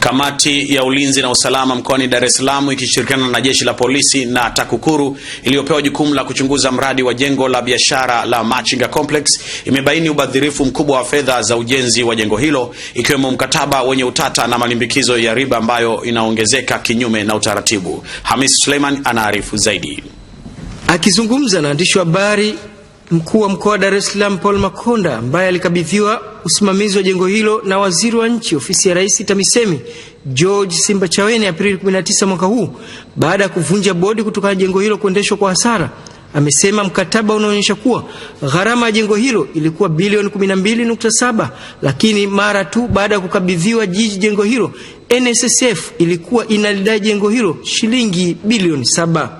Kamati ya ulinzi na usalama mkoani Dar es Salaam ikishirikiana na jeshi la polisi na TAKUKURU iliyopewa jukumu la kuchunguza mradi wa jengo la biashara la Machinga Complex imebaini ubadhirifu mkubwa wa fedha za ujenzi wa jengo hilo ikiwemo mkataba wenye utata na malimbikizo ya riba ambayo inaongezeka kinyume na utaratibu. Hamis Suleiman anaarifu zaidi. Akizungumza na waandishi wa habari Mkuu wa mkoa wa Dar es Salaam Paul Makonda ambaye alikabidhiwa usimamizi wa jengo hilo na waziri wa nchi ofisi ya Rais TAMISEMI George chawene Aprili 19 mwaka huu baada ya kuvunja bodi kutokana na jengo hilo kuendeshwa kwa hasara, amesema mkataba unaonyesha kuwa gharama ya jengo hilo ilikuwa bilioni 12.7, lakini mara tu baada ya kukabidhiwa jiji jengo hilo NSSF ilikuwa inalidai jengo hilo shilingi bilioni saba.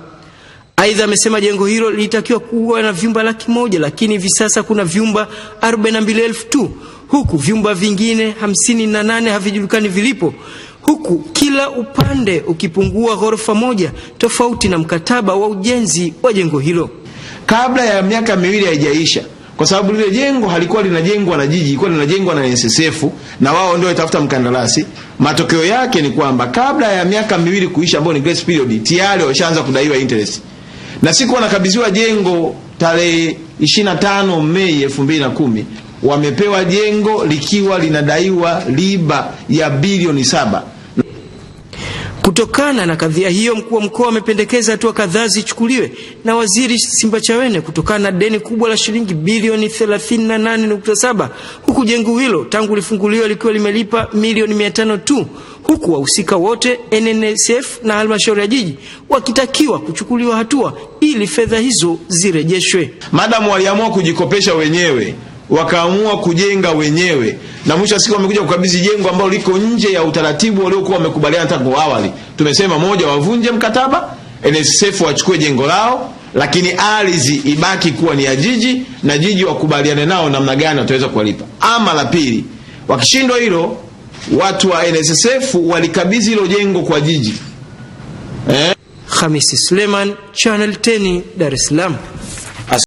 Aidha, amesema jengo hilo lilitakiwa kuwa na vyumba laki moja lakini hivi sasa kuna vyumba 42,000 tu, huku vyumba vingine 58 havijulikani vilipo, huku kila upande ukipungua ghorofa moja, tofauti na mkataba wa ujenzi wa jengo hilo kabla ya miaka miwili haijaisha kwa sababu lile jengo halikuwa linajengwa na jiji, ilikuwa linajengwa na NSSF na wao ndio watafuta mkandarasi. Matokeo yake ni kwamba kabla ya miaka miwili kuisha, ambayo ni grace period, tayari washaanza kudaiwa interest na siku wanakabidhiwa jengo tarehe 25 Mei 2010 wamepewa jengo likiwa linadaiwa riba ya bilioni saba. Kutokana na kadhia hiyo, mkuu wa mkoa amependekeza hatua kadhaa zichukuliwe na waziri Simbachawene kutokana na deni kubwa la shilingi bilioni 38.7 huku jengo hilo tangu lifunguliwa likiwa limelipa milioni 500 tu, huku wahusika wote NNSF na halmashauri ya jiji wakitakiwa kuchukuliwa hatua ili fedha hizo zirejeshwe. Madamu waliamua kujikopesha wenyewe wakaamua kujenga wenyewe, na mwisho siku wamekuja kukabidhi jengo ambalo liko nje ya utaratibu waliokuwa wamekubaliana tangu awali. Tumesema moja, wavunje mkataba, NSSF wachukue jengo lao, lakini ardhi ibaki kuwa ni ya jiji, na jiji wakubaliane nao namna gani wataweza kuwalipa. Ama la pili, wakishindwa hilo, watu wa NSSF walikabidhi hilo jengo kwa jiji eh? Hamisi Suleiman, Channel 10, Dar es Salaam.